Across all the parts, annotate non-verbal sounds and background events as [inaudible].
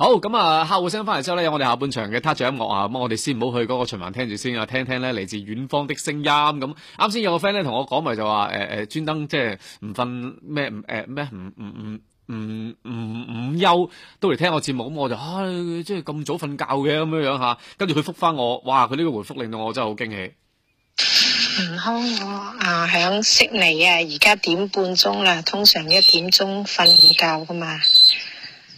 好咁啊，客戶聲翻嚟之後咧，有我哋下半場嘅 t a 音樂啊，咁、嗯、我哋先唔好去嗰個循環聽住先啊，聽聽咧嚟自遠方的聲音。咁啱先有個 friend 咧同我講，咪就話誒誒，專登即係唔瞓咩？誒咩？唔唔唔唔唔午休都嚟聽我節目，咁、嗯、我就即係咁早瞓覺嘅咁樣樣吓。跟住佢覆翻我，哇！佢呢個回覆令到我真係好驚喜。唔好，我啊，響悉尼啊，而家點半鐘啦，通常一點鐘瞓午覺噶嘛。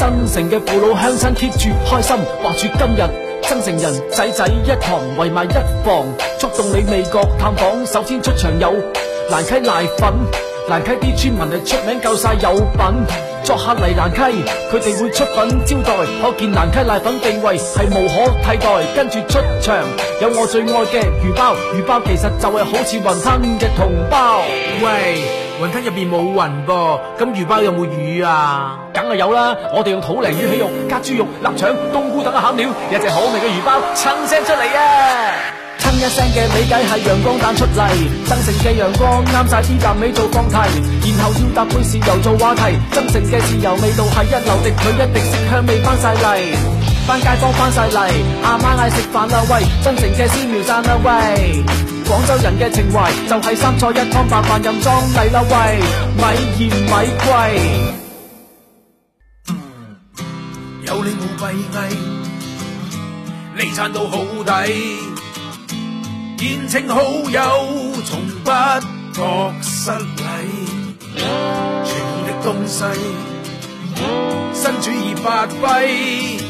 增城嘅父老鄉親 keep 住開心，話住今日增城人仔仔一堂圍埋一房，觸動你味覺探訪。首先出場有蘭溪瀨粉，蘭溪啲村民係出名夠晒有品，作客嚟蘭溪，佢哋會出品招待，可見蘭溪瀨粉地位係無可替代。跟住出場有我最愛嘅魚包，魚包其實就係好似雲吞嘅同胞，喂。雲吞入邊冇雲噃，咁、啊、魚包有冇魚啊？梗係有啦，我哋用土鯪魚起肉，加豬肉、臘腸、冬菇等嘅餡料，一隻好味嘅魚包，噌聲出嚟啊！噌一聲嘅美雞係陽光蛋出嚟，增城嘅陽光啱晒啲蛋尾做光梯，然後要搭杯豉油做話題，增城嘅豉油味道係一流的，佢一滴食香味翻晒嚟，翻街坊翻晒嚟，阿媽嗌食飯啦喂，增城嘅鮮苗散啦、啊、喂。廣州人嘅情懷就係三菜一湯白飯任裝，嚟啦喂，米鹽米貴，有你，冇閉翳，利產到好抵，宴請好友從不覺失禮，全部嘅東西，新主已白費。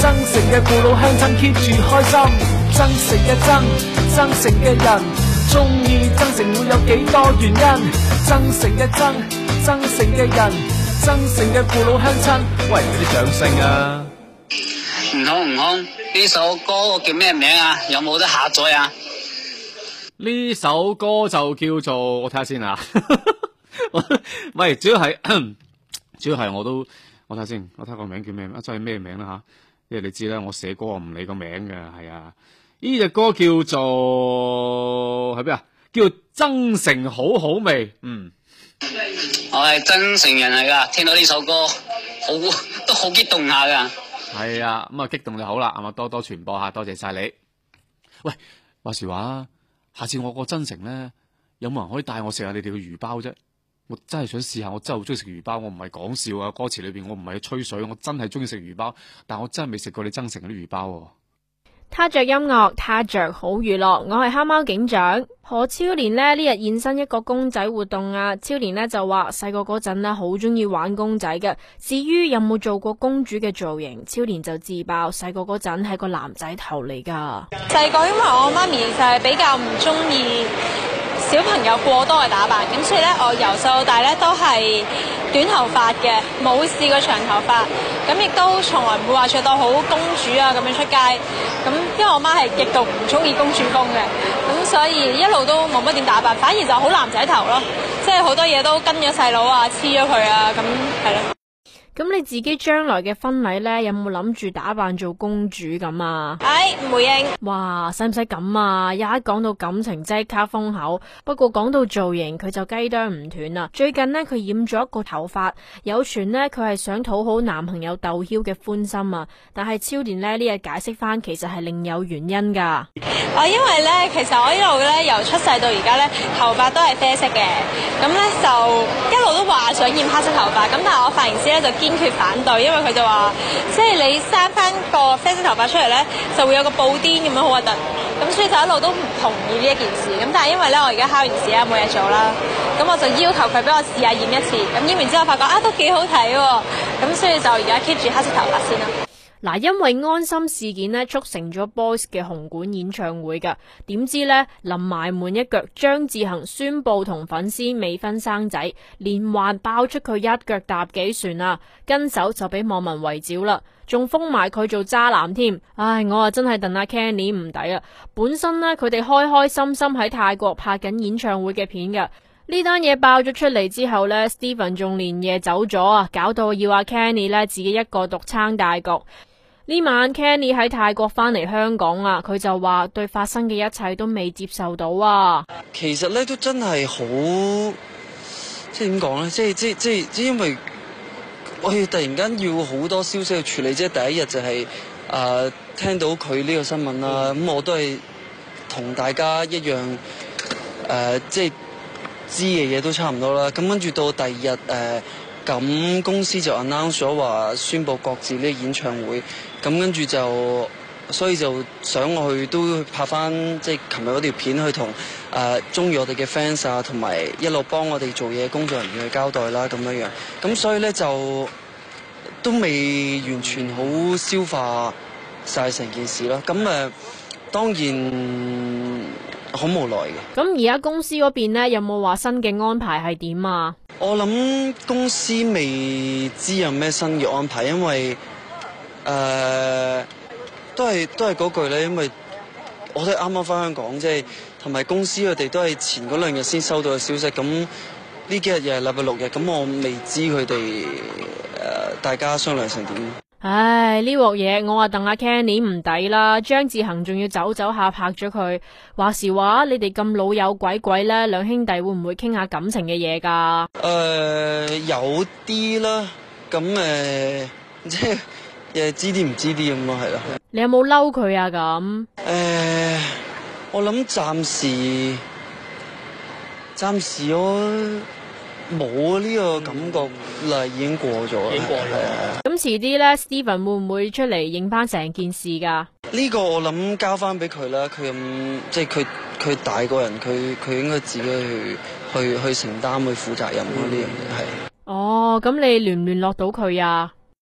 增城嘅父老鄉親 keep 住開心，增城嘅增，增城嘅人，中意增城會有幾多原因？增城嘅增，增城嘅人，增城嘅父老鄉親，喂，嗰啲掌聲啊！唔好唔好，呢首歌叫咩名啊？有冇得下載啊？呢首歌就叫做我睇下先啊！喂， [laughs] 主要係 [coughs] 主要係我都我睇下先，我睇下個名叫咩啊？即係咩名啦吓？啊即係你知啦，我寫歌我唔理個名㗎。係啊，呢隻歌叫做係咩？啊？叫增城好好味，嗯，我係增城人嚟噶，聽到呢首歌好都好激動下噶，係啊，咁啊激動就好啦，係嘛，多多傳播下，多謝晒你。喂，話時話，下次我過增城咧，有冇人可以帶我食下你哋嘅魚包啫？我真係想試下，我真係好中意食魚包，我唔係講笑啊！歌詞裏邊我唔係吹水，我真係中意食魚包，但我真係未食過你增城嗰啲魚包，啊他。他着音樂，他着好娛樂，我係黑貓警長。何超蓮呢？呢日現身一個公仔活動啊！超蓮呢就話細個嗰陣呢，好中意玩公仔嘅，至於有冇做過公主嘅造型，超蓮就自爆細個嗰陣係個男仔頭嚟噶。細個因為我媽咪就係比較唔中意。小朋友過多嘅打扮，咁所以咧，我由細到大咧都係短頭髮嘅，冇試過長頭髮，咁亦都從來唔會話着到好公主啊咁樣出街，咁因為我媽係極度唔中意公主風嘅，咁所以一路都冇乜點打扮，反而就好男仔頭咯，即係好多嘢都跟咗細佬啊，黐咗佢啊，咁係咯。咁你自己將來嘅婚禮呢，有冇諗住打扮做公主咁啊？哎，唔回應。哇，使唔使咁啊？一講到感情即刻封口，不過講到造型佢就雞啄唔斷啦。最近呢，佢染咗一個頭髮，有傳呢，佢係想討好男朋友竇驍嘅歡心啊，但係超蓮呢，呢日解釋翻，其實係另有原因噶。我因為呢，其實我一路呢，由出世到而家呢，頭髮都係啡色嘅，咁呢，就一路都話想染黑色頭髮，咁但係我髮型師咧就。堅決反對，因為佢就話，即係你生翻個啡色頭髮出嚟呢，就會有個布甸咁樣好核突。咁所以就一路都唔同意呢一件事。咁但係因為呢，我而家考完試啦，冇嘢做啦，咁我就要求佢俾我試下染一次。咁染完之後發覺啊，都幾好睇喎。咁所以就而家 keep 住黑色頭髮先啦。嗱，因為安心事件呢，促成咗 Boys 嘅紅館演唱會噶，點知呢？臨埋門一腳，張致恒宣布同粉絲未婚生仔，連環爆出佢一腳踏幾船啊，跟手就俾網民圍剿啦，仲封埋佢做渣男添。唉，我真啊真係戥阿 Kenny 唔抵啊！本身呢，佢哋開開心心喺泰國拍緊演唱會嘅片噶，呢單嘢爆咗出嚟之後呢，Steven 仲連夜走咗啊，搞到要阿 Kenny 呢自己一個獨撐大局。呢晚 Kenny 喺泰國返嚟香港啊，佢就話對發生嘅一切都未接受到啊。其實咧都真係好，即係點講咧，即係即係即係，因為我突然間要好多消息去處理，即係第一日就係、是、誒、呃、聽到佢呢個新聞啦，咁、哦嗯、我都係同大家一樣誒、呃，即係知嘅嘢都差唔多啦。咁跟住到第二日誒，咁、呃、公司就 announce 咗話宣布各自呢個演唱會。咁跟住就，所以就想我去都拍翻即係琴日嗰條片，去同誒中意我哋嘅 fans 啊，同埋一路幫我哋做嘢嘅工作人員去交代啦，咁樣樣。咁、嗯、所以呢，就都未完全好消化晒成件事啦，咁誒當然好無奈嘅。咁而家公司嗰邊呢，有冇話新嘅安排係點啊？我諗公司未知有咩新嘅安排，因為。誒、呃，都係都係嗰句咧，因為我都哋啱啱翻香港即啫，同埋公司佢哋都係前嗰兩日先收到嘅消息，咁呢幾日又係禮拜六日，咁我未知佢哋、呃、大家商量成點。唉，呢鑊嘢我話鄧阿 Kenny 唔抵啦，張志行仲要走走下拍咗佢，實話時話你哋咁老友鬼鬼咧，兩兄弟會唔會傾下感情嘅嘢㗎？誒、呃，有啲啦，咁誒、呃、即係。亦知啲唔知啲咁啊，係啦。你有冇嬲佢啊？咁？誒，我諗暫時，暫時咯，我冇啊！呢個感覺嗱、嗯、已經過咗啦，已經過啦。咁遲啲咧，Steven 會唔會出嚟應翻成件事噶？呢個我諗交翻俾佢啦。佢咁即係佢，佢大個人，佢佢應該自己去去去承擔去負責任呢樣嘢係。嗯、的哦，咁你聯唔聯絡到佢啊？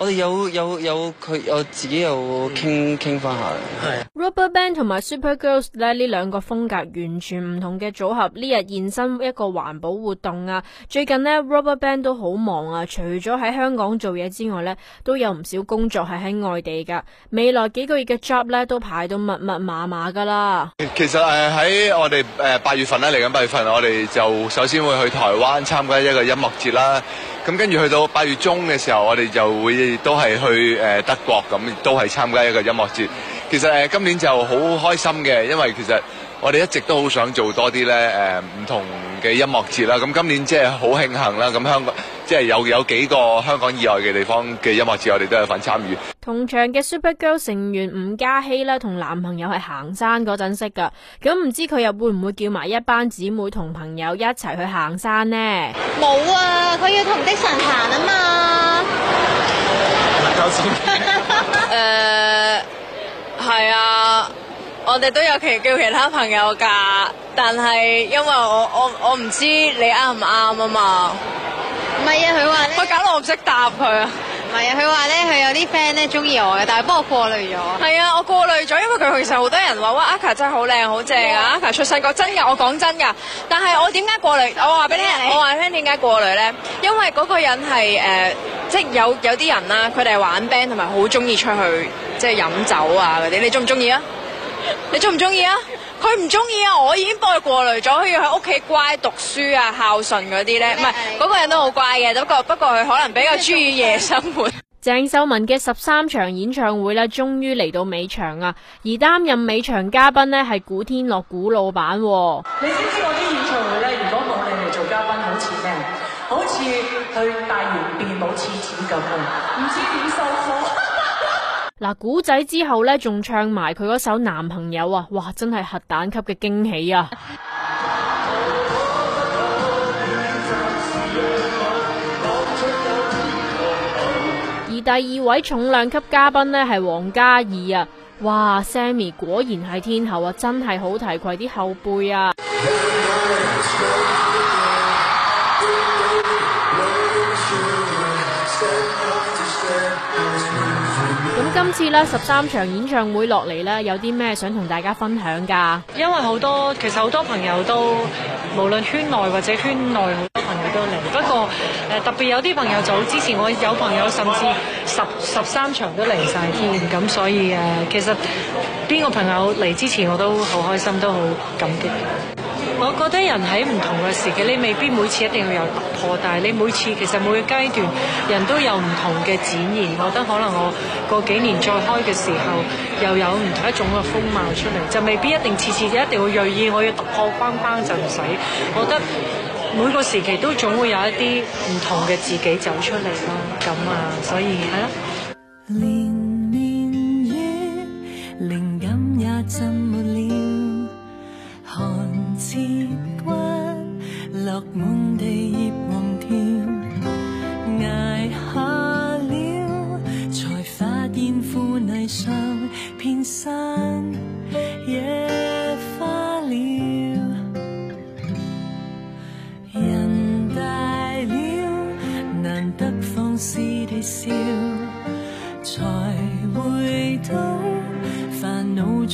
我哋有有有佢，我自己有傾傾翻下。係。Rubber Band 同埋 Super Girls 咧呢兩個風格完全唔同嘅組合，呢日現身一個環保活動啊！最近咧 Rubber Band 都好忙啊，除咗喺香港做嘢之外咧，都有唔少工作係喺外地噶。未來幾個月嘅 job 咧都排到密密麻麻噶啦。其實誒喺我哋誒八月份咧嚟緊，八月份，我哋就首先會去台灣參加一個音樂節啦。咁跟住去到八月中嘅時候，我哋就會。都係去誒德國咁，都係參加一個音樂節。其實誒，今年就好開心嘅，因為其實我哋一直都好想做多啲咧誒，唔同嘅音樂節啦。咁今年即係好慶幸啦。咁香港即係有有幾個香港以外嘅地方嘅音樂節，我哋都有份參與。同場嘅 Super Girl 成員吳嘉熙咧，同男朋友係行山嗰陣識㗎。咁唔知佢又會唔會叫埋一班姊妹同朋友一齊去行山呢？冇啊！佢要同迪神行啊嘛。誒，係、 [laughs] 呃、啊，我哋都有其叫其他朋友㗎，但係因為我我我唔知你啱唔啱啊嘛，唔係啊，佢話你，佢搞到我唔識答佢啊。 [laughs] 唔係啊！佢話咧，佢有啲 friend 咧中意我嘅，但係不過我過濾咗。係啊，我過濾咗，因為佢其實好多人話哇，阿 Kay 真係好靚好正啊！阿 Kay 出世個真噶，我講真噶。但係我點解過濾？我話俾你聽，我話俾啲 friend 聽點解過濾咧？因為嗰個人係誒，即係有有啲人啦，佢哋係玩 band 同埋好中意出去即係飲酒啊嗰啲。你中唔中意啊？你中唔中意啊？佢唔中意啊！我已經幫佢過濾咗，佢要喺屋企乖讀書啊、孝順嗰啲呢，唔係麼，嗰、嗰個人都好乖嘅，不過不過佢可能比較中意夜生活。什麼 [laughs] 鄭秀文嘅十三場演唱會呢，終於嚟到尾場啊！而擔任尾場嘉賓呢，係古天樂古老闆。你知唔知我啲演唱會呢？如果冇你嚟做嘉賓好像什麼，好似咩？好似去大完變冇廁紙咁嘅，唔知點收。嗱，古仔之後咧，仲唱埋佢嗰首男朋友啊，哇，真係核彈級嘅驚喜啊！而第二位重量級嘉賓呢，係王嘉爾啊，哇，Sammy 果然係天后啊，真係好提攜啲後輩啊！今次咧，十三場演唱會落嚟咧，有啲咩想同大家分享噶？因為好多其實好多朋友都，無論圈內或者圈內好多朋友都嚟。不過誒、呃，特別有啲朋友早之前我有朋友甚至十十三場都嚟晒添。咁、嗯、所以誒、呃，其實邊個朋友嚟之前我都好開心，都好感激。我覺得人喺唔同嘅時期，你未必每次一定要有突破，但係你每次其實每個階段人都有唔同嘅展現。我覺得可能我過幾年再開嘅時候，又有唔同一種嘅風貌出嚟，就未必一定次次一定要銳意我要突破框框就唔使。我覺得每個時期都總會有一啲唔同嘅自己走出嚟咯，咁啊，啊，所以係咯。啊